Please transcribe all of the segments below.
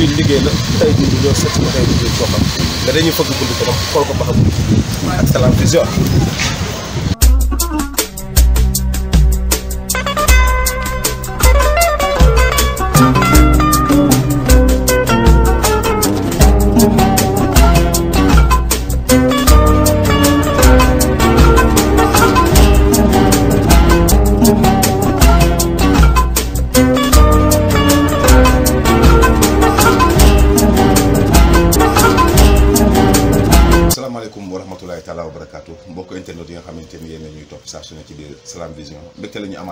biir liggéey la ay dund ñoo set si ma day liggéey boo xam nga dañuy fëgg bunt ko xool ko ba xam ak Salam Vision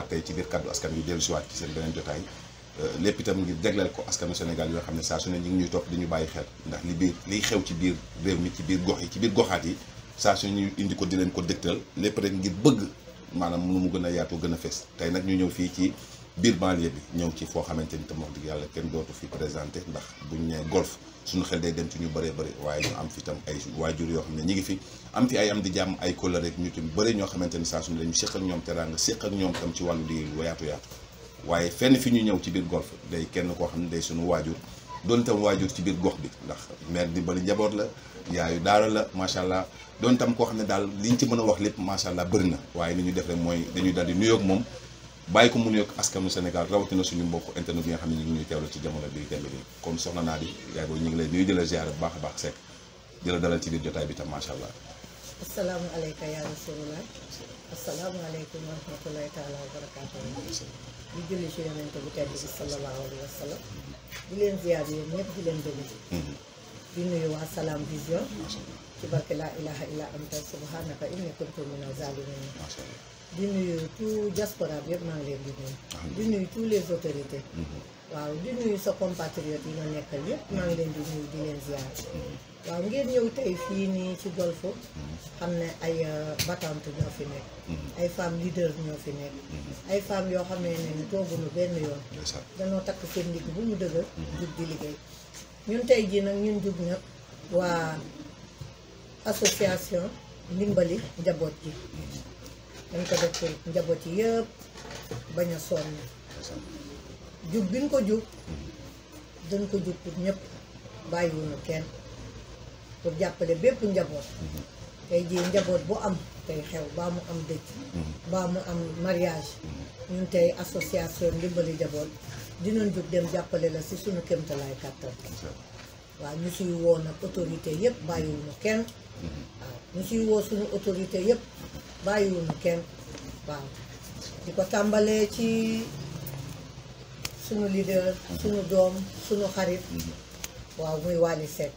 tey ci biir kaddu askan wi dellu siwaat ci seen beneen jotaay euh, lépp itam ngir jagleel ko askanu Sénégal yoo xam ne saa su ne ñu ngi ñuy topp dañu bàyyi xel ndax li biir liy xew ci biir réew mi ci biir gox yi ci biir goxaat yi saa su ñu indi ko dinañ ko dëgtal lépp rek ngir bëgg maanaam mënu mu gën a yaatu gën a fees tey nag ñu ñëw fii ci biir banlieue bi ñëw ci foo xamante ni tam moo dëgg yàlla kenn dootu fi présenté ndax bu buñ nee golf suñu xel day dem ci ñu bëree bëri waaye ñu am fi tam ay waajur yoo xam ne ñi ngi fi am fi ay am di jàmm ay kóllëre rek ñu tam bëri ñoo xamante ni saa su ne dañu séq ak ñoom teraanga séq ak ñoom tam ci wàllu liggéey bu yaatu yaatu waaye fenn fi ñu ñëw ci biir golf day kenn koo xam ne day suñu waajur doon tam waajur ci biir gox bi ndax maire di bali njaboot la yaayu daara la macha allah doon tam koo xam ne daal li ñu ci mën a wax lépp macha allah bëri na waaye ni ñu def mooy dañuy daal di nuyoog moom bàyyi ko mu nuyoog askanu Sénégal rawatina suñu mbokk internet yi nga xam ne ñu ngi ñuy teewlu ci jamono bi kon soxna ñu ngi lay nuyu di la ziare bu baax a baax Seck di la dalal ci biir jotaay bi tam macha allah. asalaamualeykum yaa rasulullah asalaamualeykum wa rahmatulahi taala wa barakaatuh di julli ci yonent bu tedd bi sallallahu alayhi wa sallam di leen ziare yéen ñëpp di leen déglu mm-hmm. di nuyu waa Salam Vision ci barke laa ilaha illa anta subhanaka inni kuntu mina zalimin di nuyu tout diaspora bi yëpp maa leen di nuyu. di nuyu tous les autorités. Mhm. waaw di nuyu sa compatriote yi nga nekkal yëpp maa ngi leen di nuyu di leen ziar. Mhm. waaw ngeen ñëw tey fii nii ci golf mhm. xam ne ay euh, batant ñoo fi nekk. ay femmes ñoo ay femmes yoo xam ne ni tooguñu benn yoon. danoo takk seen ndigg bu mu dëgër. jug di liggéey ñun tey jii nag ñun jug nag waa association ndimbali njaboot ji. dañ ko def njaboot yi yëpp bañ a sonn jug biñ ko jug dañ ko jug pour ñëpp bàyyiwuñu kenn pour jàppale bépp njaboot tey jii njaboot bu am tey xew baa mu am dëj baa mu am mariage ñun tey association ndimbali njaboot dinañ jub dem jàppale la si suñu kéemtalaay kàttan waa ñu siy woo nag autorité yëpp bàyyiwuñu kenn waaw ñu siy woo suñu autorité yëpp bàyyiwuñu kenn waaw di ko tàmbalee ci sunu leader suñu doom suñu xarit mm-hmm. waaw muy Wally Seck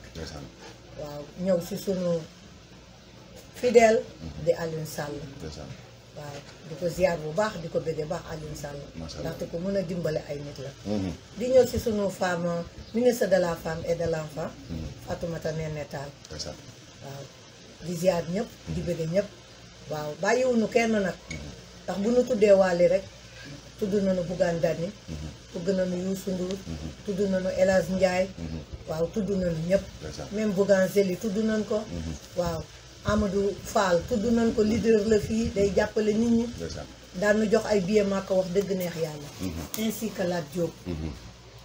waaw ñëw si sunu fidel mm-hmm. di Alioune Sall waaw di ko ziar bu baax di ko bëggee baax Alioune Sall ndaxte ko mën a dimbale ay nit la mm-hmm. di ñëw si sunu femme ministre de la femme et de l'enfant Fatoumata Néné Tall waaw di ziar ñëpp di bëggee ñëpp waaw nu kenn nag ndax bu nu tuddee wàlli rek tudd nañu Bougane Dany tudd nañu Youssou Ndour tudd nañu El Hadj Ndiaye waaw tudd nañu ñëpp même Bougane Zélie tudd nañ ko waaw Amadou Fall tudd nañ ko leader la fii day jàppale nit ñi daan jox ay billet maa ko wax dëgg neex yàlla mhm. ainsi que Lat Diop mhm.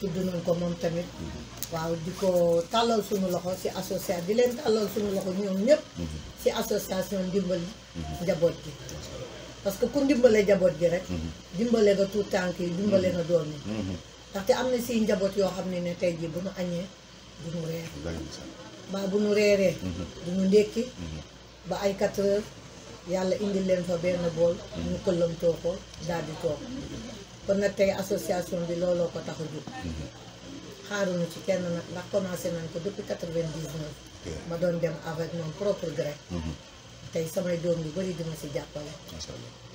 tudd nañ ko moom tamit waaw di ko tàllal suñu loxo ci association di leen tàllal suñu loxo ñoom ñëpp ci association ndimbal njaboot gi parce que ku ndimbale njaboot gi rek dimbale nga tout tànk yi dimbale nga doom yi ndaxte am na siy njaboot yoo xam ne ni tey jii bu ñu añee du ñu reer baa bu ñu reeree du ñu ndékki ba ay 4 yàlla indi leen fa benn bool ñu këllamtoo ko daal di toog kon nag tey association bi looloo ko tax a mm-hmm. xaaruñu ci kenn nag ndax commencé nañ ko depuis quatre vingt dix ma doon dem avec mon propre gré mm-hmm. tey samay doom yu bëri dima si jàppale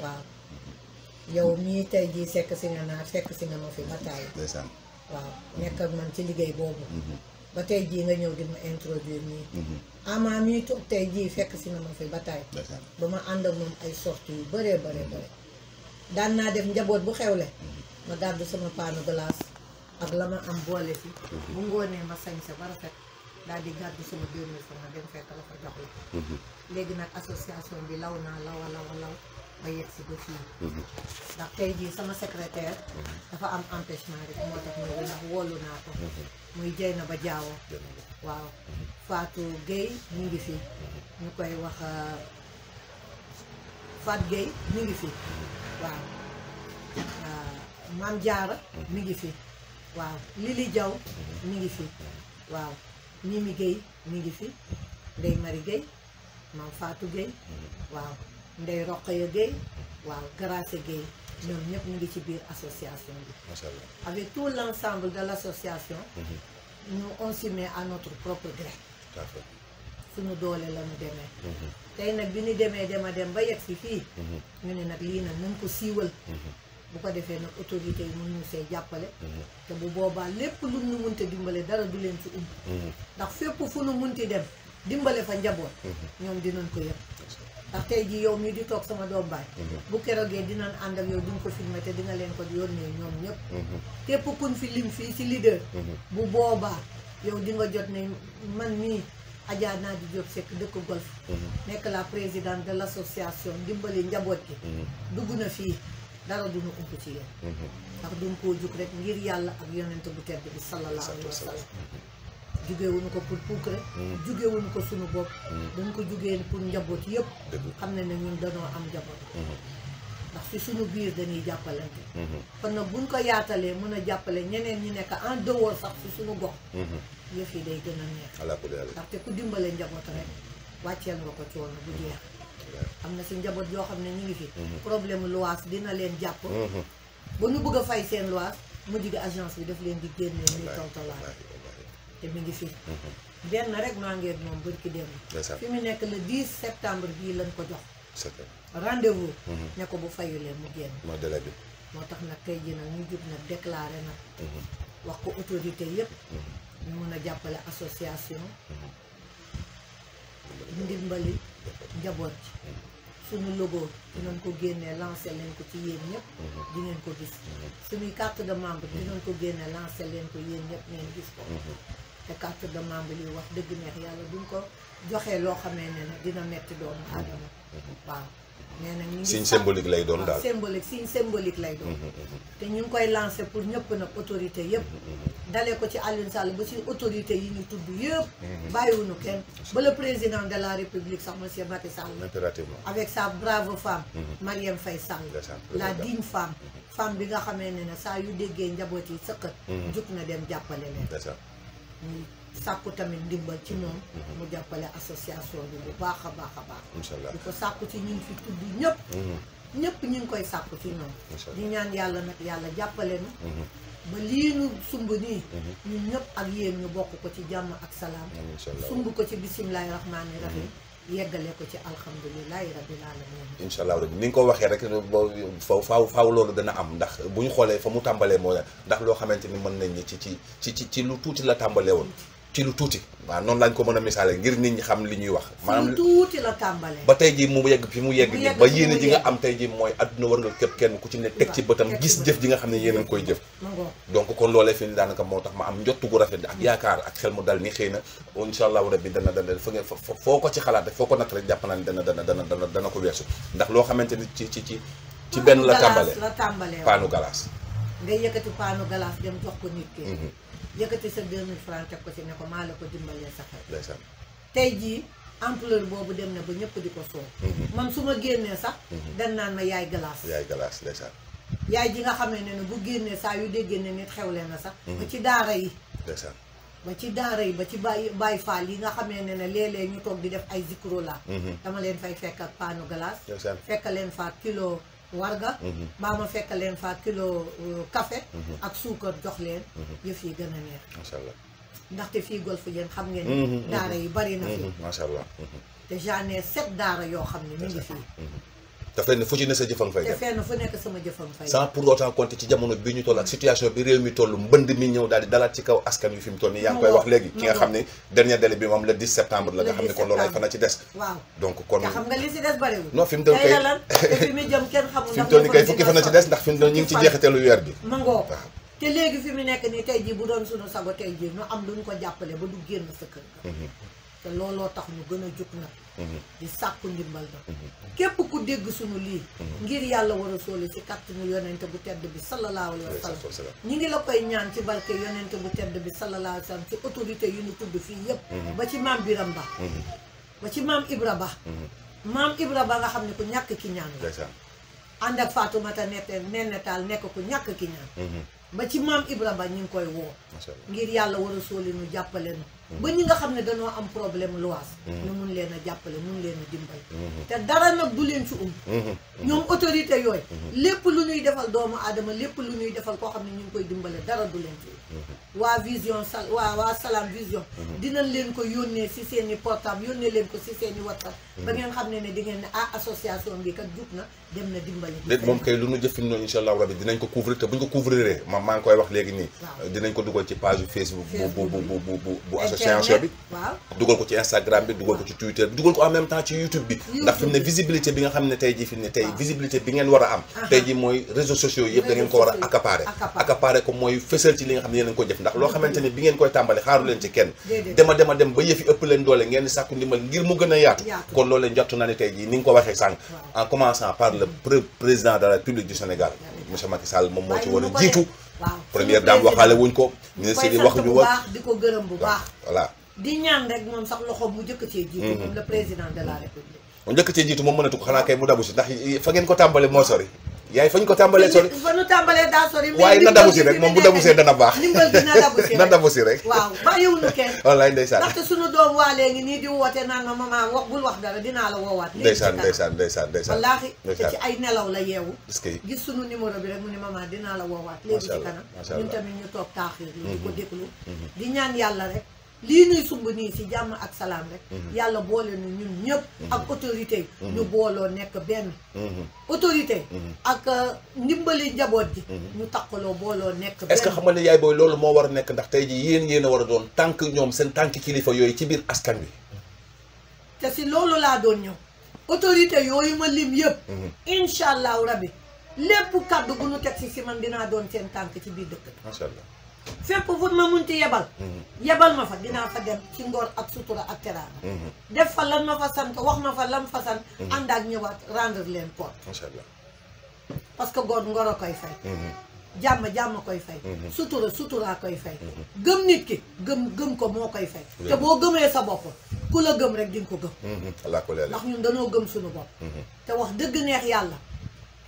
waaw mm-hmm. yow mii tey jii sekk si nga naa fekk si nga ma fi ba taay waaw nekk ak man ci liggéey boobu ba tey jii nga ñëw di ma introduire nii amaa mii toog tey jii fekk si nga ma fi ba taay ba ma ànd ak moom ay sorti yu bëree bëree bëri daan naa def njaboot bu xewle ma gàddu sama paanu glace ak la ma am boole fi mhm. bu ngoonee ma sañ ba rafet daal di gàddu sama deux mille francs dem fekk la jox mhm. léegi nag association bi law naa lawa lawa law ba yegg si ba fii mhm. ndax tey jii sama secrétaire dafa am empêchement rek moo tax muy jey na ba jaawo waaw Fatou Gueye mu ngi fi ñu koy wax euh, Fatou Gueye mu ngi fi waaw ah, maam mi ngi fi waaw Lili Jaw mi ngi fi waaw Mimi Gueye mi ngi fi Ndey Mari Gueye maam Fatou Gueye waaw Ndey Roqaya Gueye waaw Grace Gueye ñoom ñëpp ñu ngi ci biir association bi macha Allah avec tout l'ensemble de l'association mhm. nous on s'y met à notre suñu doole la ñu tey nag bi ñu demee dem a dem ba yegg si fii mhm. ñu ne nag lii nag nañ ko siiwal mhm. bu ko defee nag autorité yi mun ñu jàppale mhm. te bu boobaa lépp lu mun te dimbale dara du leen ci um ndax fépp fu nu mun ti dem dimbale fa njaboot ñoom dinañ ko yëpp ndax tey jii yow mi di toog sama doom baay bu keroogee dinañ ànd ak yow duñ ko filmé te di leen ko yónnee ñoom ñëpp képp kuñ fi lim fii ci leader bu boobaa yow di nga jot ne man mii Adja Nadi Diop Seck dëkk Golf mhm. nekk la présidente de l' association ndimbali njaboot gi mhm. dugg na fii dara du ñu ci yéen mhm. ndax duñ koo jug rek ngir yàlla ak yonent bu tedd bi sallallahu alayhi wa sallam jugewuñu ko pour puuk rek jugewuñu ko suñu bopp dañ ko jugee pour njaboot yëpp xam ne ne ñun danoo am njaboot ndax si suñu biir dañuy jàppalante kon nag buñ ko yaatalee mën a jàppale ñeneen ñi nekk en dehors sax si suñu gox yëf yi day gën a neex. ndaxte ku dimbale njaboot rek wàcceel nga ko coono bu jeex. am na si njaboot yoo xam ne ñu ngi fi. Mm-hmm. problème loyer dina leen jàpp. Mm-hmm. ba ñu bëgg a fay seen loyer mu gi agence bi daf leen di génne ñuy tontalaat te mu ngi fi. Mm-hmm. benn rek maa ngi moom barki démb. fi mu nekk le 10 septembre bii lañ ko jox. rendez-vous. ne ko bu leen mu génn. moo délai moo tax nag tey jii nag ñu jub nag déclaré nag. wax ko autorité yépp ñu a jàppale association mm-hmm. ndimbali njaboot ci mm-hmm. suñu logo dinañ ko génnee lancé leen ko ci yéen ñëpp mm-hmm. di ngeen ko gis suñuy carte de membre dinañ ko génnee lancé leen ko yéen ñëpp ngeen gis ko te carte de membre yi wax dëgg neex yàlla duñ ko joxee loo xamee ne dina metti doomu aadama waaw nee na ñu ngi signe symbolique lay doon daal symbolique signe lay doon te ñu ngi koy lancé pour ñëpp nag autorité yëpp dalee ko ci Alioune Sall ba ci autorité yi ñu tudd yëpp. Mhm. bàyyiwuñu kenn ba le président de la république sax monsieur Macky Sall. avec sa brave femme. Mhm. Marième Faye Sall. la digne femme. Mhm. femme bi nga xamee ne ne saa yu déggee njaboot yi sëkkat. jug na dem jàppale leen. mu sàkku tamit ndimbal ci moom. mu jàppale association bi bu baax a baax a baax. incha ko sàkku ci ñi fi tudd ñëpp. ñëpp ñu ngi koy sàkku ci ñoom. di ñaan yàlla nag yàlla jàppale na. ba lii ñu sumb nii mhm. ñun ñëpp ak yéen ñu bokk ko ci jàmm ak salaam sumb ko ci bisimilahi rahmaani rahim mhm. yeggale ko ci alhamdulilahi rabbil alamin incha allah ni nga ko waxee rek faw faw faaw loolu dana am ndax bu ñu xoolee fa mu tàmbalee moo ndax loo xamante ni mën nañ ni ci ci ci ci lu tuuti la tàmbalee woon ci lu tuuti waaw noonu lañ ko mën a misaale ngir nit ñi xam li ñuy wax maanaam ba tey ji mu yegg fi mu yegg ni ba yéene ji nga am tey ji mooy adduna war nga képp kenn ku ci ne teg ci bëtam gis jëf ji nga xam ne yéen a ngi koy jëf donc kon loolee fi ni daanaka moo tax ma am njottu gu rafet ak yaakaar ak xel mu dal ni xëy na insha allahu rabbi dana dana fa ngeen foo ko ci xalaat rek foo ko natt rek jàpp naa ne dana dana dana dana dana ko weesu ndax loo xamante ni ci ci ci ci benn la tàmbale paanu galaas nga yëkkati yëkkati sa 2000 francs teg ko ci ne ko maa la ko dimbalee sa xel tey jii ampleur boobu dem na ba ñëpp di ko soow mm-hmm. man su ma génnee sax mm-hmm. dan naan ma yaay glace yaay glace ndeysaan yaay ji nga xamee ne ne bu génnee saa yu déggee ne nit xewle na sax mm-hmm. ba ci daara yi ndeysaan ba ci daara yi ba ci bay bàyyi faal yi nga xamee ne ne léeg-léeg ñu toog di def ay zikro la dama leen fay fekk ak paanu glace fekk leen faat kilo warga mhm. mbaa ma fekk leen fa kilo kafe euh, mhm. ak suukar jox leen mhm. yëf yi gën a neex macha allah ndaxte fii Golf Dieng xam ngeen daara yi bari na fi macha allah te j'en ai sept daara yoo xam ne mi ngi fii daf leen ne fu ci ne sa jëfang fay dem te fenn fu nekk sama jëfang fay sans pour autant compter ci jamono bi ñu toll ak situation bi réew mi toll mbënd mi ñëw daal dalaat ci kaw askan wi fi mu nii yaa ngi koy wax léegi ki nga xam ne dernier délai bi moom le 10 septembre la nga xam a ci des waaw donc kon xam nga li si des bëriwul non fi mu toll kay fi mu jëm kenn fukki fan ci des ndax fi mu ñu ngi ci jeexitalu weer bi mangoo waaw te léegi fi mu nekk nii tey jii bu doon suñu sago tey jii nu am luñ ko jàppale ba du te looloo tax ñu gën a jug nag mhm. di sàkku ndimbal ba mhm. képp ku dégg sunu lii mhm. ngir yàlla war a sóoli ci kàttanu yonente bu tedd bi sallallahu alayhi wa ngi la koy ñaan ci barke yonente bu tedd bi sallallahu alayhi wa sallam ci autorité yu ñu tudd fii yëpp ba ci maam biram ba ba ci maam ibra ba maam ibra ba nga xam ne ku ñàkk ki ñaan la ànd ak Fatoumata Nenetaal nekk ku ñàkk ki ñaan ba ci maam ibra ba ñu ngi koy woo ngir yàlla war a sóoli nu jàppale nu ba ñi nga xam ne dañoo am problème luwaas mm-hmm. ñu mun leen a jàppale mun leen a dimbal mm-hmm. te dara nag du leen ci um mm-hmm. ñoom autorité yooyu lépp lu ñuy defal doomu aadama lépp lu ñuy defal koo xam ne ñu ngi koy dimbale dara du leen ci um waa vision sal waa waa Salam Vision dinañ leen ko yónnee si seen i portable yónnee leen ko si seen i whatsapp ba ngeen xam ne ne di ngeen ne ah association bi kat jug na dem na dimbale léegi moom kay lu ñu jëfin noonu incha allahu rabi dinañ ko couvrir te ñu ko maa ngi koy wax léegi nii dinañ ko dugal ci page Facebook séance bi dugal ko ci Instagram bi dugal ko ci Twitter bi dugal ko en même temps ci YouTube bi ndax fi ne visibilité bi nga xam ne tey jii fi mu ne tey visibilité bi ngeen war a am tey jii mooy réseaux sociaux yëpp ngeen ko war a accaparer accaparer ko mooy fësal ci li nga xam ne yéen a ngi ko def ndax loo xamante ni bi ngeen koy tàmbali xaaru ci kenn dema dema dem ba yëfi ëpp leen doole ngeen sàkku ndimbal ngir mu gën a yaatu kon loolu leen jottu naa ne tey jii ni nga ko waxee sànq en commençant par le président de la moo ci war a waaw première dame waxaale wuñ ko. ministre yi wax ñu wax di ko gërëm bu baax. voilà di ñaan rek moom sax loxo mu njëkk cee jiitu. Mm-hmm. moom le président de la république. bu njëkk cee jiitu moom mënatu ko xanaa kay mu dabu si ndax fa ngeen ko tàmbalee moo sori. yaay fañ ko tàmbalee sori fa ñu tàmbalee daa sori. waaye na dabu si rek moom bu dabu see dana baax. ndimbal dina dabu si rek na dabu si rek. kenn. wallaay ndeysaan ndaxte sunu doom waa léegi nii di woote naan ma maman wax bul wax dara dinaa la woowaat. ndeysaan ndeysaan ndeysaan ndeysaan wallaahi gis suñu numéro bi rek mu ne maman dinaa la woowaat. léegi ci kanam ñun tamit ñu toog taaxir. ñu di ko mhm. déglu. Mhm. di ñaan yàlla rek lii ñuy sumb nii si jàmm ak salaam rek mhm. yàlla boole nu ñun ñëpp mhm. ak autorité mhm. ñu booloo nekk benn autorité ak euh, ndimbali njaboot ji ñu takkaloo booloo nekk benn est-ce que xam nga ne yaay booy loolu moo war a nekk ndax tey jii yéen yéen a war a doon tànk ñoom seen tànk kilifa yooyu ci biir askan wi te si loolu laa doon ñëw autorité yooyu ma lim yëpp incha allahu rabbi lépp kàddu bu nu teg si si man dinaa doon seen tànk ci biir dëkk fépp fu ma ci yebal mm-hmm. yebal ma fa dinaa fa dem ci ngor ak sutura ak teraanga mm-hmm. def fa lan ma fa sant wax ma fa lan fa sant mm-hmm. ànd ak ñëwaat rendre leen compte macha allah parce que góor ngor a koy fay jàmm jàmm koy fay sutura suturaa koy fay gëm nit ki gëm gëm ko moo koy fay te boo gëmee sa bopp ku la gëm rek di nga ko gëm ndax ñun danoo gëm suñu bopp te wax dëgg neex yàlla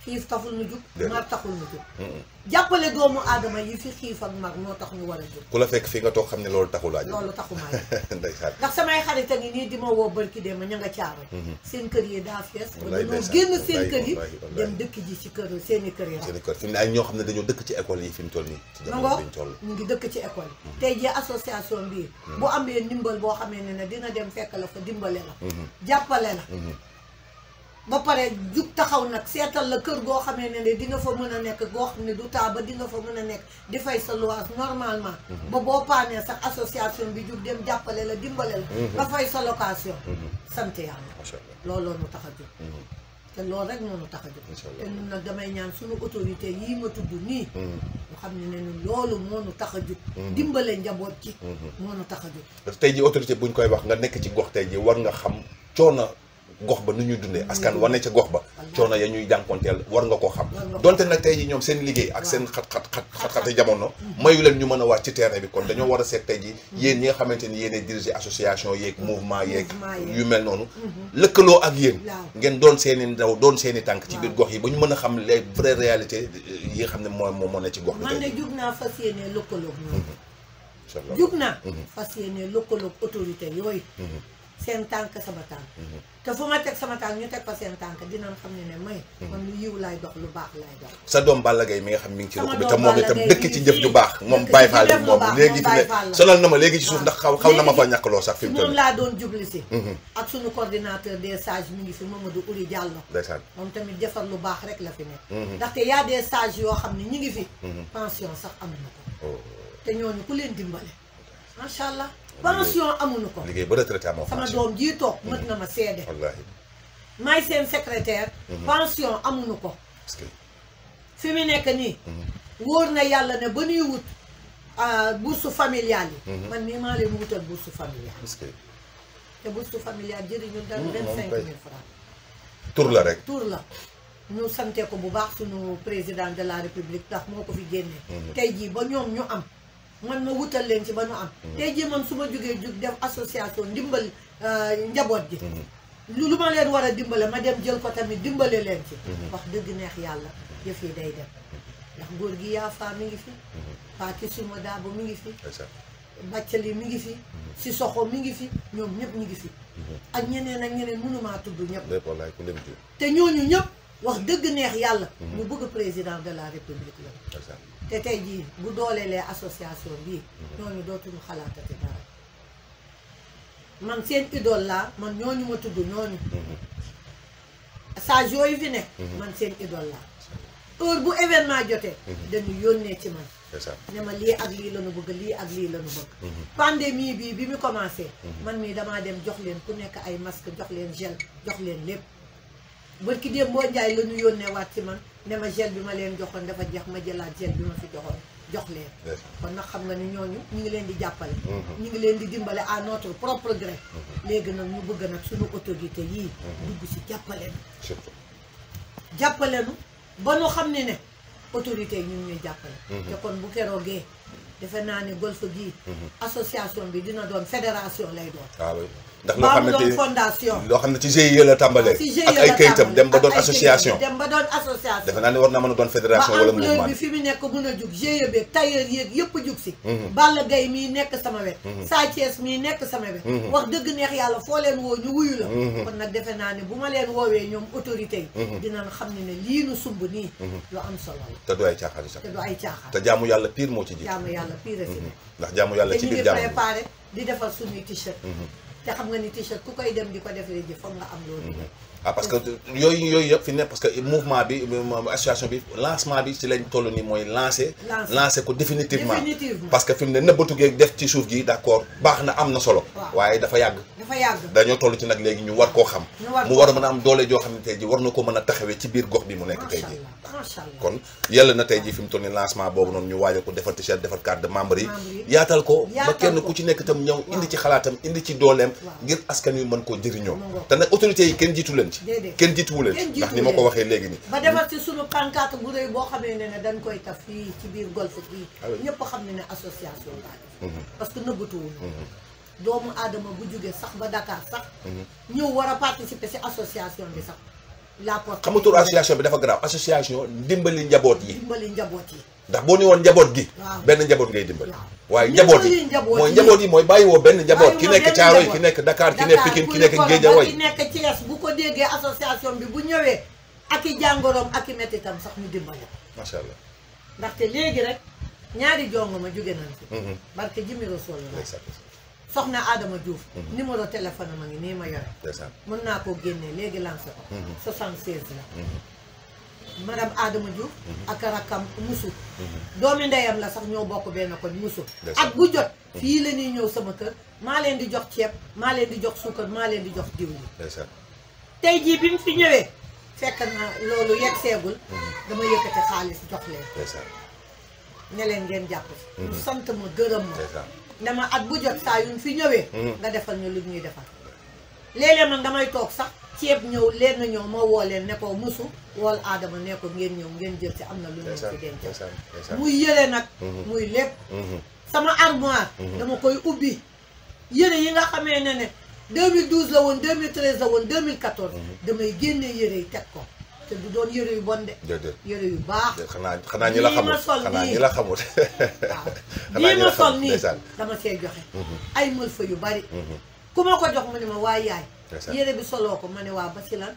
xiif taxul nu jug mar taxul nu jug jàppale doomu aadama yi fi xiif ak mar moo tax ñu war a jug ku la fekk fi nga toog xam ne loolu taxul aaj loolu taxumaa ndeysaan ndax samay xarit a ngi nii di ma woo barki dee ma ña nga caaral mm-hmm. seen kër yi daa fees ba dañoo génn seen kër yi dem dëkk ji ci kër seen i kër yi seen i kër fi mu ne ay ñoo xam ne dañoo dëkk ci école yi fi mu toll nii ci jamono bi ñu toll ñu ngi dëkk ci école yi mm-hmm. tey jii association bii mm-hmm. bu amee ndimbal boo xamee ne ne dina dem fekk la fa dimbale la jàppale la ba pare jug taxaw nag seetal la kër goo xamee ne ne dina nga fa mën a nekk goo xam ne du taa ba di nga fa mën a nekk di fay sa luwaas normalement mhm. ba boo paanee sa association bi jug dem jàppale la dimbale la mhm. ba fay sa location mhm. sant yàlla loolu nu tax a jug te loolu rek noonu tax a jóg te ñun nag damay ñaan suñu autorité yii ma tudd nii ñu xam ne ne loolu moonu tax a jóg dimbale njaboot ci moonu tax a tey ji autorité buñ koy wax nga nekk ci gox tey ji war nga xam coono gox ba nu ñuy dundee askan wane ca gox ba coono ya ñuy jànkonteel war nga koo xam donte nag tey ji ñoom seen liggéey ak seen xat-xat xat xat-xati jamono mm. mayu leen ñu mën a wàcc ci terrain bi kon dañoo war a seet tey ji yéen ñi nga xamante ni yéenay diriger association yeeg mouvement yeeg yu mel noonu mm-hmm. lëkkaloo ak yéen ngeen doon seen i ndaw doon seen i tànk ci biir gox yi ba ñu mën a xam les vraies réalités euh, yi nga xam ne mooy moo ne ci gox bi tey jug naa fas yéene lëkkaloo mm-hmm. jug seen tànk sama tànk te fu ma teg sama tànk ñu teg fa seen tànk dinañ xam ne ne may man mhm. lu yiw laay dox lu baax laay dox sa doom Balla Gaye mi nga xam mi ngi ci ruq bi te moom itam dëkk ci jëf ju baax moom Baye Fall bi moom léegi fi ne sonal na ma léegi ci suuf ndax xaw xaw na ma fa ñàkkaloo sax fi mu toll moom laa doon jubli si mhm. ak suñu coordinateur des sages mi ngi fi Mamadou Ouli Diallo ndeysaan moom tamit defar lu baax rek la fi nekk mhm. ndaxte y a des sages yoo xam ne ñi ngi fi pension sax am na ko oh. te ñooñu ku leen dimbale macha allah pension amuñu ko liggéey ba retraité amoo sama doom jii toog mën mhm. na ma seede wallaahi may seen secrétaire mhm. pension amuñu ko fi mu nekk nii mhm. wóor na yàlla ne ba ñuy wut euh, bourse familiale yi man mii maa leen wutal bourse familiale te bourse familiale jëriñu dara vingt cinq mille francs tur la rek tur la ñu sante ko bu baax suñu président de la république ndax moo ko fi génne tey jii ba ñoom ñu am man ma wutal leen ci ba nu am mm-hmm. tey jii su ma jógee jug def association dimbal euh, njaboot gi mm-hmm. lu ma leen war a dimbale ma dem jël ko tamit dimbale leen ci mm-hmm. wax dëgg neex yàlla yëf yi day dem ndax góor gi yaafaa mi ngi fi paati suma daabo mi ngi fi bàccali mi ngi fi si soxo mi ngi fi ñoom ñëpp ñu ngi fi ak ñeneen ak ñeneen mënumaa tudd ñëpp te ñooñu ñëpp wax dëgg neex yàlla ñu bëgg président de la république la te tey jii bu dooleelee association bii ñooñu dootuñu xalaatati dara man seen idole laa man ñooñu ma tudd ñooñu sage yooyu fi nekk man seen idole laa heure bu événement jotee dañu yónnee ci man ne ma lii ak lii lañu bëgg lii ak lii lañu bëgg pandémie bii bi mu commencé man mii damaa dem jox leen ku nekk ay masque jox leen gel jox leen lépp bërki déem boo njaay la ñu yónnee waat ci man ne ma gel bi ma leen joxoon dafa jeex ma jëlaat gel bi ma fi joxoon jox leen kon nag xam nga ni ñooñu ñu ngi leen di jàppale mm-hmm. ñu ngi leen di dimbale à notre propre gré mm-hmm. léegi nag ñu bëgg nag suñu autorité yii mm-hmm. dugg si jàppale nu jàppale nu ba nu xam ne ne autorité yi ñu ngi ñuy jàppale te kon bu keroogee defe naa ne golf gii association bi dina doon fédération lay doon ah ndax loo xam ne doon fondation loo xam ne ci GIE la tàmbalee ah, e ak ay kayitam dem ba doon association dem ba doon association defe naa ne war naa mën a doon fédération wala mouvement bi fi mu nekk mën a jug GIE bi tailleur yéeg yëpp jug si mhm. Balla Gaye mii nekk sama wet mhm. Sa Thiès mii nekk sama wet mhm. wax dëgg neex yàlla foo leen woo ñu wuyu la kon nag defe naa ne bu ma leen woowee ñoom autorité yi dinañ xam ne ne lii nu sumb nii lu am solo la te du ay caaxaan sax te du ay caaxaan te jaamu yàlla pire moo ci jiitu jaamu yàlla pire si ne ndax jaamu yàlla ci biir jaamu préparé di defal suñuy t-shirt te xam nga ni t ku koy dem di ko def léegi foog nga am loolu. Mm-hmm. ah parce que yooyu yooyu yëpp fi ne parce que mouvement bi association bi lancement bi ci lañ toll nii mooy lancer. lancer ko définitivement. parce que fi mu ne nëbbatu gi def ci suuf gi d' accord baax na am na solo. waaye dafa yàgg. dafa yàgg dañoo toll ci nag léegi ñu war koo xam. mu war a mën a am doole joo xam ne tey jii war na ko mën a taxawee ci biir gox bi mu nekk tey jii. kon yàlla na tey jii fi mu toll nii lancement boobu noonu ñu waajal ko defar t-shirt defar carte de membre kenn ku ci nekk itam ñëw indi ci xalaatam indi ci dooleem ngir askan wi mën koo jëriñoo te nag yi kenn jiitu leen ci kenn jiituwu leen ndax ni ma ko waxee léegi nii ba defar ci suñu pancarte bu boo xamee ne ne dañ koy taf fii ci biir golf fii ñëpp xam ne ne association laa mhm. parce que nëbbatuwul mhm. doomu aadama bu jógee sax ba Dakar sax mhm. ñëw war a participer si association bi sax la porte xam association bi dafa garaaw association ndimbali njaboot yi ndimbali njaboot yi ndax boo ni woon njaboot gi benn njaboot ngay dimbali waaye njaboot yi mooy njaboot yi mooy bàyyi woo benn njaboot ki nekk Caaro yi ki nekk Dakar ki nekk Pikine ki nekk Géejawaay ki nekk Thiès bu ko déggee bi bu ñëwee ak i jàngoroom ak i mettitam sax ñu dimbali macha allah ndaxte léegi rek ñaari jongo ma jóge nañ fi mhm. barke jimi rasul la soxna aadama Diouf mhm. numéro téléphone ma ngi nii ma yore mën naa koo génnee léegi lancé ko 76 mhm. la madame Adama Diouf mhm. ak rakkam musu mhm. doomi ndeyam la sax ñoo bokk benn koñ musu ak bu jot mhm. fii la ñëw sama kër maa leen di jox ceeb maa leen di jox suukar maa leen di jox diwlin tey jii bi mu fi ñëwee fekk na loolu yegg seegul dama yëkkati xaalis jox leen ne leen ngeen jàpp sant ma gërëm ma ne ma at bu jot saa yuñ fi ñëwee nga defal ñu lu ñuy defal léeg-léeg damay toog sax ceeb ñëw leen na ñëw ma woo leen ne ko musu wool aadama ne ko ngeen ñëw ngeen jël ci am na lu ñu ci denc muy yële nag mhm. muy lépp mhm. sama armoire mhm. dama koy ubbi yëre yi nga xamee ne ne 2012 la woon 2013 la woon 2014 damay génne yëre yi teg ko te du doon yëre yu bon de yëre yu baax xanaa xanaa ñi la xamul xanaa ñi la xamul waaw lii ma sol nii dama see joxe ay mël fa yu bari ku ma ko jox mu ne ma waaye yaay yére bi soloo ko ma ne waa ba si lan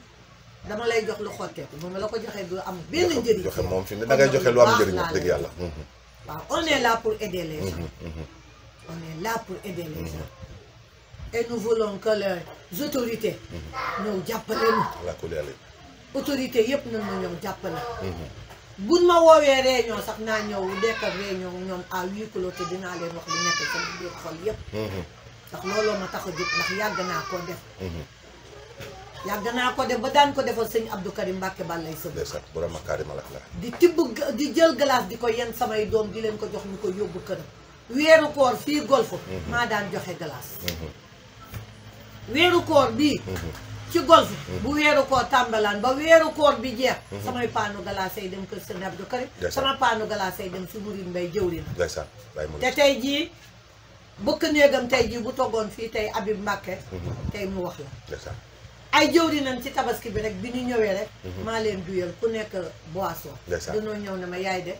dama lay jox lu xotteeku bu ma la ko joxee du am benn njëriñ joxe moom fi ne da joxe lu am njëriñ wax dëgg yàlla mhm. waaw on est là pour aider mhm, mhm. là pour aider les gens et ñëw jàppale ñu autorité yëpp nañ ma ñoom jàppale buñ ma woowee réunion sax naa ñëw dekkal réunion ñoom à huis clos te dinaa leen wax lu nekk sama biir xol yëpp ndax looloo ma tax a jóg ndax yàgg naa koo def mhm. yàgg naa ko def ba daan ko defal sëñ Abdou Karim Mbacke Balaye Sow. ndeysaan borom Makaarimal Axlaaq di tibb di jël glace di ko yenn samay doom di leen ko jox ñu ko yóbbu këram. weeru koor fii golf mhm. maa daan joxe glace. Mhm. weeru koor bii. ci golf bu weeru koor tàmbalaan ba weeru koor bi jeex. samay paanu glace yi dem kër sëñ Abdou sama paanu glace yi dem si Mouride Mbaye jëwriñ. ndeysaan te tey jii. bëkk néegam tey jii bu toggoon fii tey Habib Mbacké mhm. tey mu wax la ay jëwri nañ ci tabaski bi rek bi ñu ñëwee rek mhm. maa leen duyal ku nekk boisson danoo ñëw ne ma yaay de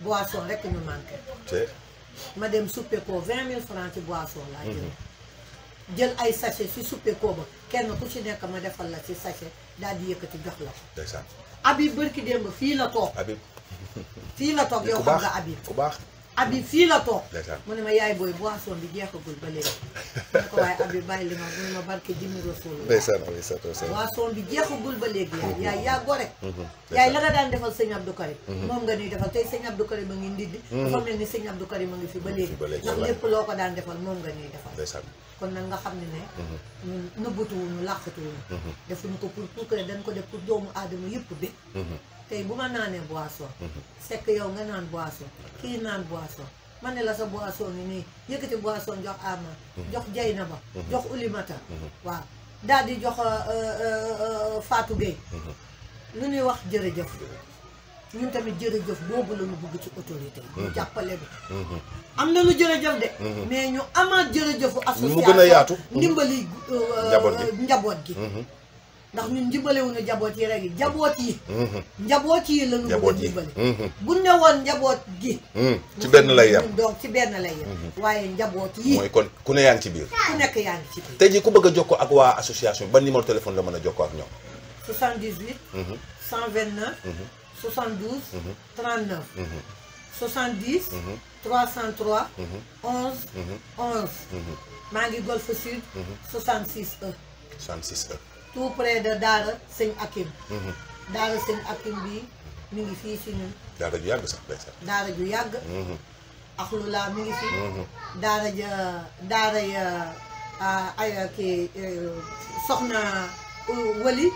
boisson rek ñu manqué ma dem suppe ko vingt mille francs ci boisson laa mhm. jël ay sachet si suppe ko kenn ku ci nekk ma defal la ci sachet daal di yëkkati jox la ko Habib bërki démb fii la toog Habib fii la toog yow xam nga Habib baax abi fii la toog mu ne ma yaay booy boisson bi ba léegi mu ne ko waaye abi bàyyi li ma bi jeexagul ba léegi yaay yaay yaa gore mm-hmm. yaay la nga daan defal sëñ Abdou Karim moom nga ñuy defal tey sëñ Abdou Karim a ngi ndiddi dafa mm-hmm. mel ni sëñ Abdou loo ko daan defal moom nga ñuy defal kon nag ah, nga xam ne ne ñun nëbbatuwuñu làqatuwuñu defuñu ko pour pour que dañ ko def pour doomu aadama yëpp bi mm-hmm. tey bu ma naanee boisson. sekk yow nga naan mhm. boisson kii naan boisson man ne la sa boisson ni nii yëkkati boisson jox ama mhm. jox jayna Jaynaba mhm. jox Ulimata waa daal di jox eh, eh, eh, Fatou Gueye lu ñuy wax jërëjëf ñu tamit jërëjëf boobu la bugg ci autorité yi. ñu jàppale bi am na lu jërëjëf de. mais ñu amaat jërëjëfu. association mu gën a yaatu. ndimbali njaboot gi. ndax ñun njibalewu ñu jaboot yi rek jaboot yi njaboot yi mhm. la mhm. ñu bëgg njibale bu ne woon njaboot gi mhm. ci benn lay yem donc ci benn lay waaye njaboot yi mooy kon ku ne yaa ngi ci biir ku nekk yaa ngi ci biir tey jii ku bëgg a jokkoo ak waa association ban numéro téléphone la mën a jokkoo ak ñoom 78 129 72 39 70 303 11 11 maa ngi Golf Sud 66 E 66 E tout près de Daara sëñ Akim. Mhm. Daara sëñ Akim bi mi ngi fii si ñun. Daara ju yàgg sax day sax. Daara mhm. mi ngi fi. Mhm. Daara ja Daara ya ay kii e, soxna Wali.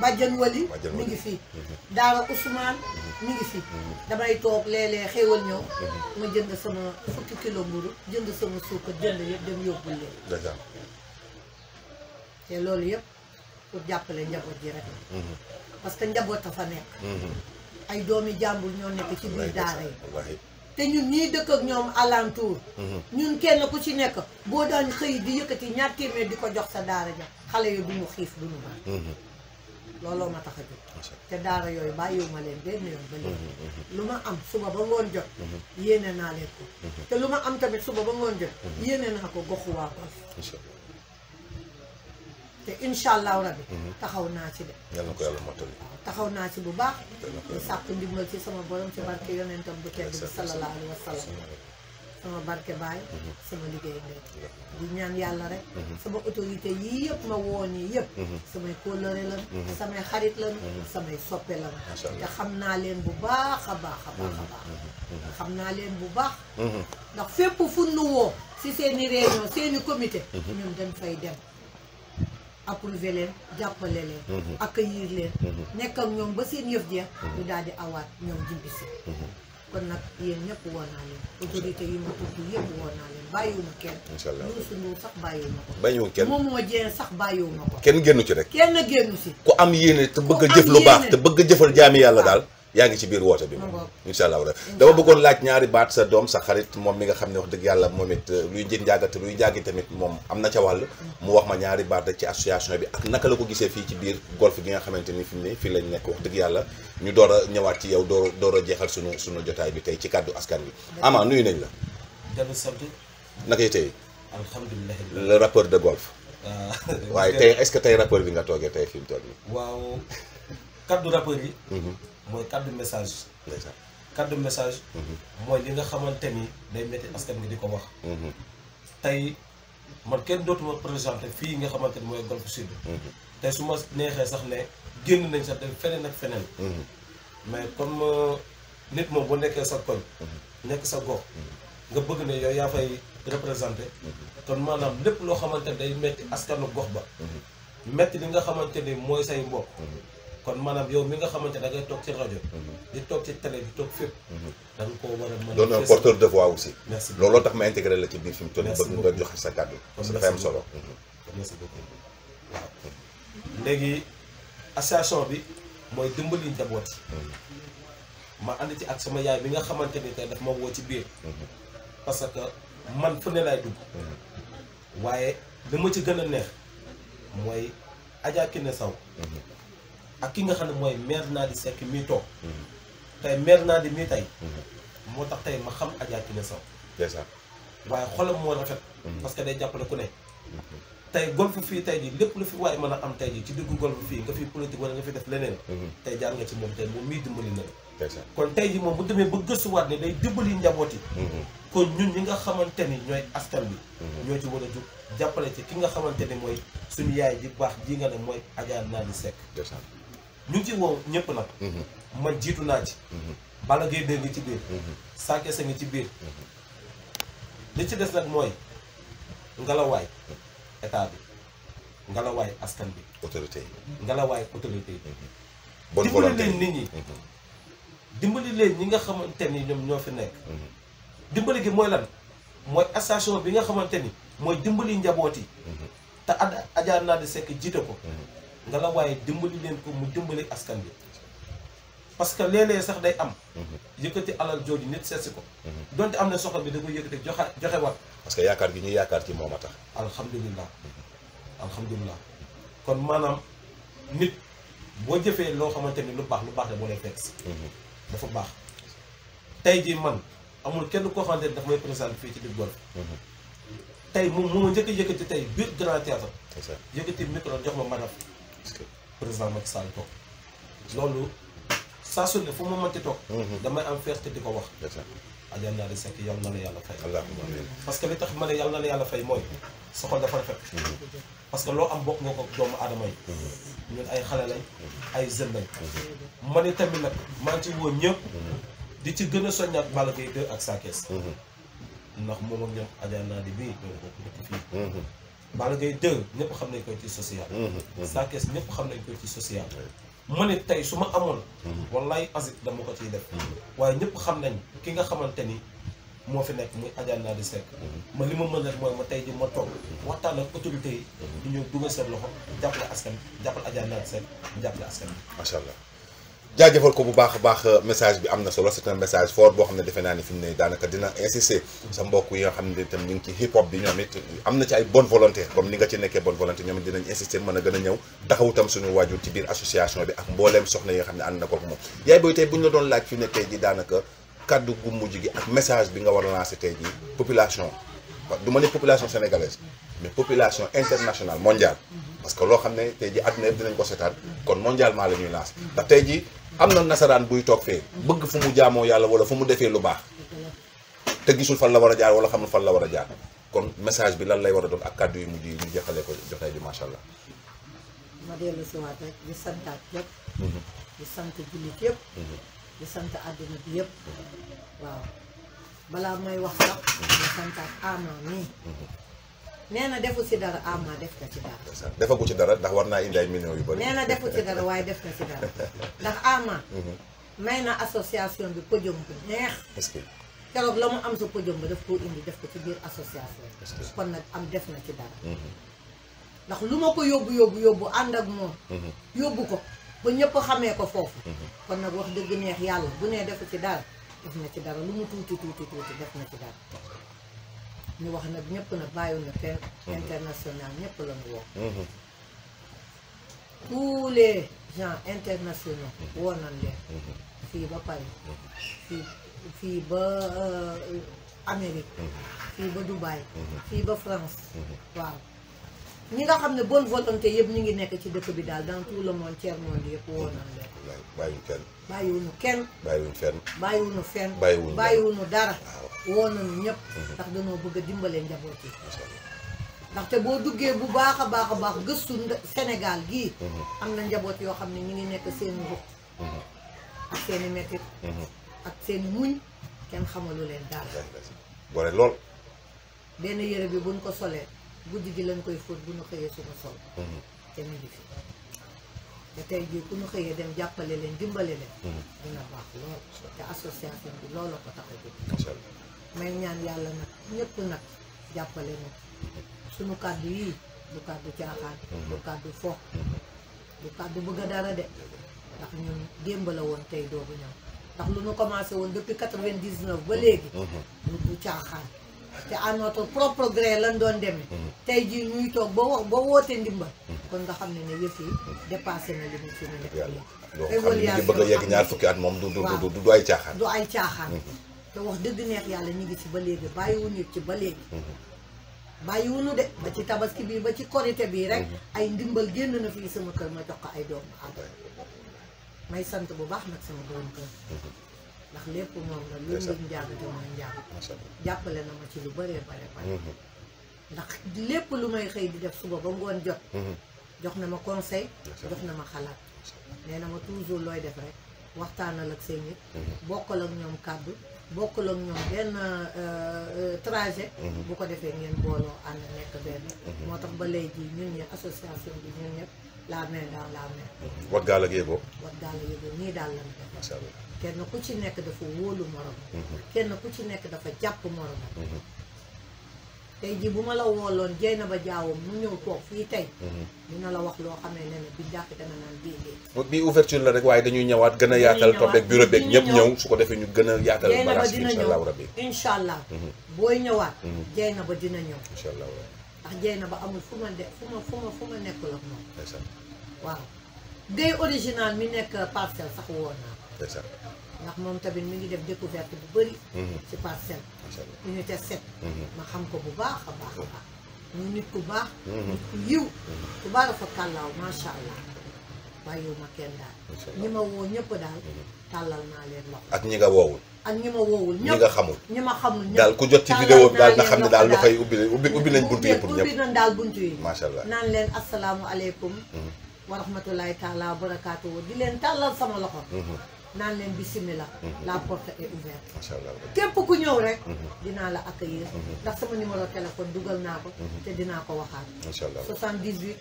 Badiane Wali mi ngi fii Daara Ousmane mi ngi fi. damay toog léeg-léeg xéewal ñëw. ma jënd sama fukki mburu jënd sama suukar jënd yëpp dem yóbbul leen. te loolu yëpp. pour jàppale njaboot ji rek mhm. parce que njaboot a fa nekk mhm. ay doomi jàmbul ñoo nekk ci biir daara yi te ñun ñii dëkk ak ñoom alentour mhm. ñun kenn ku ci nekk boo daan xëy di yëkkati ñaar téeméer di ko jox sa daara ja xale yi duñu xiif duñu baax looloo ma tax a jóg te daara yooyu bàyyiwu ma leen benn yoon ba léegi lu ma am suba ba ngoon jot yéene naa leen te lu ma am tamit suba ba ngoon jot yéene naa ko goxu te incha allahu rabi. Mhm. taxaw naa si de. taxaw naa si bu baax. di sàkku ndimbal ci sama borom ci barke yonentam bu tedd bi sallallahu alayhi wa sallam. sama barke baay. Mhm. sama liggéey ndey. di ñaan yàlla rek. Mhm. sama autorité yii yëpp ma woo nii yëpp. samay kóllëre lan. samay xarit lan. samay soppe lan. te xam naa leen bu baax a baax a baax a baax. xam naa leen bu baax. ndax fépp fu nu woo. si seen i réunion seen i comité. ñun dañ fay dem. approuver leen jàppale leen mhm. accueillir leen mhm. nekk ak ñoom ba seen yëf jeex ñu mhm. daal di awaat ñoom jibbisi kon nag yéen ñëpp woo naa leen autorité yi ma tudd yëpp woo naa leen bàyyiwuma kenn incha allah Youssou Ndour sax bàyyiwuma ko bàyyiwuma moo jeen sax bàyyiwuma ko kenn génnu ci rek kenn génnu ci ku am yéene te bëgg a jëf lu baax te bëgg a jëfal jaami yàlla ah. daal yaa ngi ci biir woote bi moom mm-hmm. incha allah dama bëggoon laaj ñaari baat sa doom sa xarit moom mi nga xam ne wax dëgg yàlla moom it luy njëg njàggate luy jàggi tamit moom am na ca wàll mm-hmm. mu wax ma ñaari baat rek ci association bi ak naka la ko gisee fii ci biir golf bi nga xamante ni fi mu fii lañ nekk wax dëgg yàlla ñu door a ñëwaat ci yow door door a jeexal sunu jotaay bi tey ci kàddu askan bi ama nuyu nañ la dellu sant nakay tey alhamdulilah le rappeur de golf waaye te est-ce que tey rappeur bi nga toogee tey fi mu toog nii waaw kaddu rappeur yi mm-hmm. mooy kaddu message. kaddu message. Mhm. mooy li nga xamante ni day métti di ko wax. Mhm. tey man kenn dootuma présenté fii nga xamante ni mooy Golf Sud. Mhm. tey su ma neexee sax ne génn nañ sax dem feneen ak feneen. mais comme euh, nit moom bu nekkee sa koñ. sa gox. nga bëgg ne yow yaa fay représenté. kon maanaam lépp loo xamante ni day métti askanu gox ba. métti li nga xamante ni mooy say mbokk. kon maanaam yow mi nga xamante da ngay toog ci rajo. Mhm. di toog ci télé di toog fépp. Mhm. da nga koo war a mën doon porteur de voix aussi. merci looloo tax ma intégré la ci biir fi mu toll nii nga joxe sa kàddu. parce que dafa am solo. Mhm. merci beaucoup waaw. léegi association bi mooy dimbali njaboot yi. ma ànd ci ak sama yaay bi nga xamante ni tey daf ma woo ci biir. parce que man fu ne laay dugg. waaye li ma ci gën a neex mooy Adja Kine saw ak ki nga xam ne mooy maire Nady Seck mii toog tey maire Nady mii tey moo tax tey ma xam Adja Kine Sow waaye xolam moo rafet mm-hmm. parce que day jàppale ku ne mm-hmm. tey golf fii tey ji lépp lu fi waaye mën a am tey ji ci diggu golf fii nga fi politique wala nga fi def leneen mm-hmm. tey jaar nga ci moom tey moom mii dimbali na kon tey ji moom bu demee ba gëstuwaat ni day dimbali njaboot yi kon ñun ñi nga xamante ni ñooy askan bi ñoo ci war a jug jàppale ci ki nga xamante ni mooy suñu yaay ji baax nga ne mooy Adja Nady Seck ñu ngi wow ñëpp nag. Mhm. man jiitu naa ci. Mhm. Balla Gaye dégg ngi ci biir. Mhm. Sa Thiès ngi ci biir. li ci des nag mooy ngalawaay état bi ngalawaay askan bi. autorité yi ngalawaay autorité yi. bonne volonté dimbali leen nit ñi. dimbali leen ñi nga xamante ni ñoom ñoo fi nekk. dimbali gi mooy lan mooy association bi nga xamante ni mooy dimbali njaboot yi. te Adja Ndadi Seck jiite ko. nga la waaye dimbali leen ko mu dimbali askan bi parce que léeg-léeg sax day am yëkkati alal jooju nit seetsi ko mhm. donte am na soxla bi da koy yëkkati joxe joxe war parce que yaakaar gi ñuy yaakaar ci moom a tax alhamdulilah alhamdulilah kon maanaam nit boo jëfee loo xamante ni lu baax lu baax la boo lay fekk si mhm. dafa baax tey jii man amul kenn koo xamante ni dafa may présenté fii ci digg Golf mhm. tey moom mu ma njëkk a yëkkati tey biir grand théâtre yëkkati micro jox ma madame président Macky Sall toog loolu saa su ne fu ma mënti toog. Mhm. damay am fierté di ko wax. Alioune Ndady Seck yal na la yàlla fay. parce que li tax ma ne la yàlla fay mooy sa xol dafa rafet. Mhm. parce que loo am bokk nga ko doomu aadama yi. Mhm. ñun ay xale lañ. ay jeunes lañ. ma ne tamit nag maa ngi ci woo ñëpp. di ci gën a soññaat Balla Gaye 2 ak Sa Thiès. ndax moom ak ñoom Alioune bii Balla Gaye 2 ñëpp xam nañ koy ci social. Mm-hmm, mm-hmm. Sa Thiès ñëpp xam nañ koy ci social. ma ne tey su ma amoon. Mm-hmm. wallaay azit dama ko ciy def. waaye ñëpp xam nañ ki nga xamante ni moo fi nekk muy Adja di Seck. ma li ma mën rek mooy ma tey ji ma toog waxtaan ak autorité yi. ñu ñëw dugal seen loxo jàppale askan jàppale Adja Nady Seck jàppale askan bi. allah. jaajëfal ko bu baax a baax euh, message bi am na solo c'est un message fort boo xam ne defe naa ni fi ne daanaka dina insister sa mbokk yi nga xam ne itam ñu ngi ci hip hop bi ñoom it am na ci ay bonne volonté comme ni nga ci nekkee bonne volonté ñoom it dinañ insister mën a gën a ñëw taxaw itam suñu waajur ci biir association bi ak mbooleem soxna yi nga xam ne ànd na ko moom yaay booy tey bu ñu la doon laaj fi ne tey ji daanaka kaddu gu mujj gi ak message bi nga war a lancer tey ji population du ma ne population sénégalaise mais population parce que loo xam ne tey dinañ ko seetaan kon mondialement la ñuy lancer ndax am na nasaraan buy toog fee bëgg fu mu jaamoo yàlla wala fu mu defee lu baax te gisul fan la war a jaar wala xamul fan la war a jaar kon message bi lan lay war a doon ak kàddu yu mujj yi ñu jeexalee ko jotaay bi macha allah. ma dellu si waat rek di yëpp. Mhm. di jullit yëpp. Mhm. di sant bi yëpp. Mhm. balaa may wax sax di santaat nii. nee na defu si dara ama def na ci dara. ci dara ndax war naa indi ay millions yu bëri. nee na defu ci dara waaye def na ci dara ndax ama mhm. may na association bi podium bu neex. est que. keroog la mu am sa podium ba daf koo indi def ko ci biir association bi. kon nag am def na ci dara. Mhm. ndax lu ma ko yóbbu yóbbu yóbbu ànd ak moom. Mhm. yóbbu ko ba ñëpp xamee ko foofu. kon nag wax dëgg neex yàlla bu nee defu ci dara def na ci dara lu mu tuuti tuuti tuuti def na ci dara. ñu wax nag ñépp na bàyyiwul na kenn mhm. international ñëpp la ñu woo mhm. tous les gens internationaux mhm. woo nañ leen fii ba Paris fii ba euh, Amérique fii ba Dubaï fii ba France waaw ñi nga xam ne bonne volonté yëpp ñu ngi nekk ci dëkk bi daal dans tout le monde tiers monde yëpp woo nañ leen bàyyiwuñu kenn bàyyiwuñu kenn bàyyiwuñu fenn bàyyiwuñu fenn bàyyiwuñu dara woo nañu ñëpp ndax danoo bëgg a dimbalee njaboot yi ndaxte boo duggee bu baax a baax a baax gëstu senegal gii am na njaboot yoo xam ne ñu ngi nekk seen mbokk ak seen mettit ak seen i muñ kenn xamalu leen daal gore lool benn yére bi buñ ko solee guddi gi lañ koy fóot bu ñu xëyee suñu sol te mu ngi fi te tey jii ku ñu xëyee dem jàppale leen dimbale leen mm-hmm. dina baax lool te association bi loolu ko tax a jóg may ñaan yàlla nag ñëpp nag jàppale na suñu kàddu yii du kàddu caaxaan du kàddu fo du kàddu bëgg a dara de ndax ñun démb la woon tey doogu ñëw ndax lu ñu commencé woon depuis quatre vingt dix ba léegi lu mm-hmm. du caaxaan te à notre propre gré lan doon demee mm-hmm. tey jii ñuy toog ba wo ba woote ndimbal mm-hmm. kon nga xam ne ne yëf yi na li ñu suñu nekk yàlla évaluation bëgg a yegg ñaar fukki at moom du du du ay caaxaan du ay caaxaan te wax dëgg neex yàlla ñu ngi ci ba léegi bàyyiwuñu ci ba léegi mhm. bàyyiwuñu de ba ci tabaski bii ba ci korite bii rek mhm. ay ndimbal génn na fii sama kër ma jox ko ay doomu am may sant bu baax nag sama borom kër mhm. ndax lépp moom lu na ma ci lu bëree bare bare ndax lépp lu may xëy di def suba ba ngoon jot jox na ma conseil jox na ma xalaat nee na ma toujours looy def rek waxtaanal ak seen nit bokkal ak ñoom kàddu bokk ak ñoom benn euh, euh, trajet. Mhm. bu ko defee ngeen booloo ànd nekk benn. Mhm. moo tax ba léegi ñun ñëpp association bi ñun ñëpp la main dans la main. Mhm. wat gaal ak yëgoo. wat ak yëgoo nii daal la ñu def. kenn ku ci nekk dafa wóolu morom. kenn ku ci nekk dafa jàpp morom. tey jii bu ma la wooloon jey na ba jaawam mu ñëw toog fii tey mhm. dina la wax loo xamee ne ne bi jàkk dana naan déedéet bi ouverture la rek waaye dañuy ñëwaat gën a yaatal tombeeg bureau beeg ñëpp ñëw su ko defee ñu gën a yaatal balaas bi incha allahu rabbi incha allah mhm. booy ñëwaat mhm. jey na ba dina ñëw incha allahu rabbi ndax jey na ba amul fu ma de fu ma fu ma fu ma nekkul ak moom waaw gay original sax ndax moom tamit mi ngi def découverte bu bëri. Mhm. ci parcelle. unité 7. Mhm. ma xam ko bu baax a baax a oh. baax. ñu nit ku baax. Mhm. nit ku yiw. ku baax dafa kàllaaw macha allah. bàyyiwu ma kenn daal. ñi ma woo ñëpp daal. tàllal naa leen loxo. ak ñi nga woowul. ak ñi ma woowul ñi nga xamul ñi ma xamul ñëpp daal ku jot ci vidéo bi daal na xam ne daal loxo yi ubbi ubbi ubbi nañ buntu yëpp ñëpp ubbi nañ daal buntu yi. macha allah naan leen asalaamualeykum. wa rahmatulahi taala wa barakaatu di leen tàllal sama loxo. naan leen bismillah mhm. la porte est ouverte képp ku ñëw rek mhm. dinaa la accueillir mhm. ndax sama numéro téléphone dugal naa ko te dinaa ko waxaat incha allah 78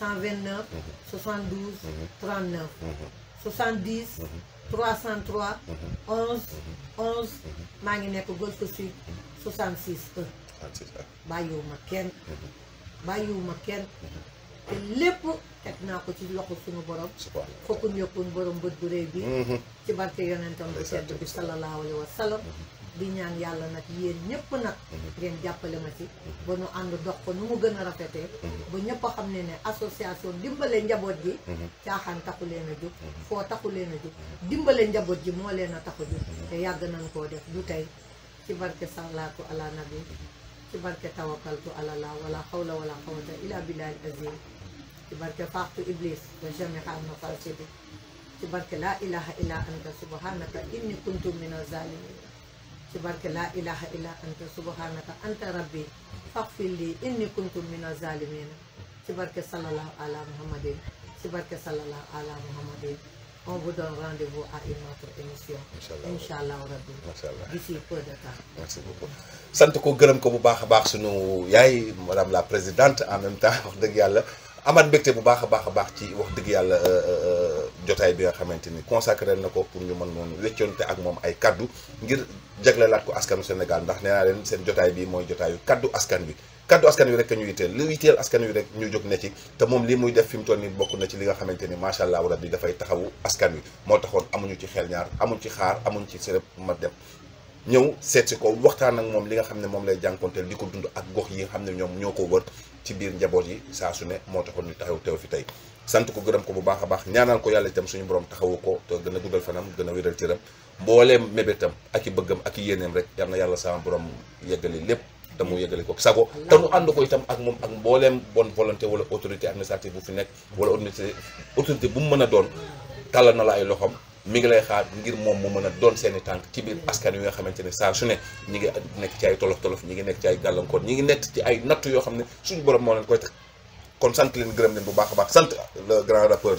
129 72 39 70 303 11 11 maa ngi nekk Golf Sud 66 1 e. e. bàyyiwuma kenn bàyyiwuma kenn te lépp teg naa ko ci loxo sunu borom fokk ñëppoon borom bët bu réy bi mm-hmm. ci barke yonentam bu sedd bi sallallahu alayhi wa sallam mm-hmm. ñaan yàlla nag yéen ñëpp nag mm-hmm. ngeen jàppale ma ci ba ànd dox ko nu gën a rafetee ba ñëpp a xam ne ne association dimbale njaboot ji caaxaan leen foo taxu leen a dimbale njaboot ji moo leen a taxu yàgg nañ koo def du tey ci barke salaatu ala nabi ci barke tawakkaltu alallah wala xawla wala xawata illa billahi azim ci barke faqtu iblis wa jamiha mafasidi ci barke laa ilaha illa anta subhanaka inni kuntu min azalimin ci barke laa ilaha illa anta subhanaka anta rabbi faghfir li inni kuntu min azalimin ci barke barke sallallahu ala muhammadin on vous donne rendez macha allah d'ici peu sant ko gërëm ko bu baax a baax sunu yaay madame la présidente en même temps wax dëgg yàlla amaat mbégte bu baax a baax a baax ci wax dëgg yàlla euh, euh, euh, jotaay bi nga xamante ni consacré na ko pour ñu mën noonu weccoonte ak moom ay kàddu ngir laat ko askanu Sénégal ndax nee naa leen seen jotaay bi mooy jotaayu kàddu askan bi. kaddu askan wi rek ñu yitteel li yitteel askan wi rek ñu jóg ne ci te moom li muy def fi mu toll ni bokk na ci li nga xamante ni macha allah rabbi dafay taxawu askan wi moo taxoon amuñu ci xel ñaar amuñ ci xaar amuñ ci sërëb ma dem ñëw seet si ko waxtaan ak moom li nga xam ne moom lay jànkonteel di ko dund ak gox yi xam ne ñoom ñoo ko wër ci biir njaboot yi saa su ne moo taxoon ñu taxaw teew fi tey sant ko gërëm ko bu baax a baax ñaanal ko yàlla itam suñu borom taxawu ko te gën a guddal fanam gën a wéral cëram mbooleem mébétam ak i bëggam ak i rek yal na yàlla sama borom yeggali lépp te mu yëgale ko sago te nu ànd ko itam ak moom ak mbooleem bonne volonté wala autorité administrative bu fi nekk wala autorité autorité bu mu mën a doon tàllal na la ay loxoom mi ngi lay xaar ngir moom mu mën a doon seeni tànk ci biir askan wi nga xamante ne saa su ne ñi ngi nekk ci ay tolof tolof ñi ngi nekk ci ay gàllankoor ñi ngi nekk ci ay natt yoo xam ne suñu borom moo leen koy tax kon sant leen gërëm leen bu baax a baax sant le grand rappeur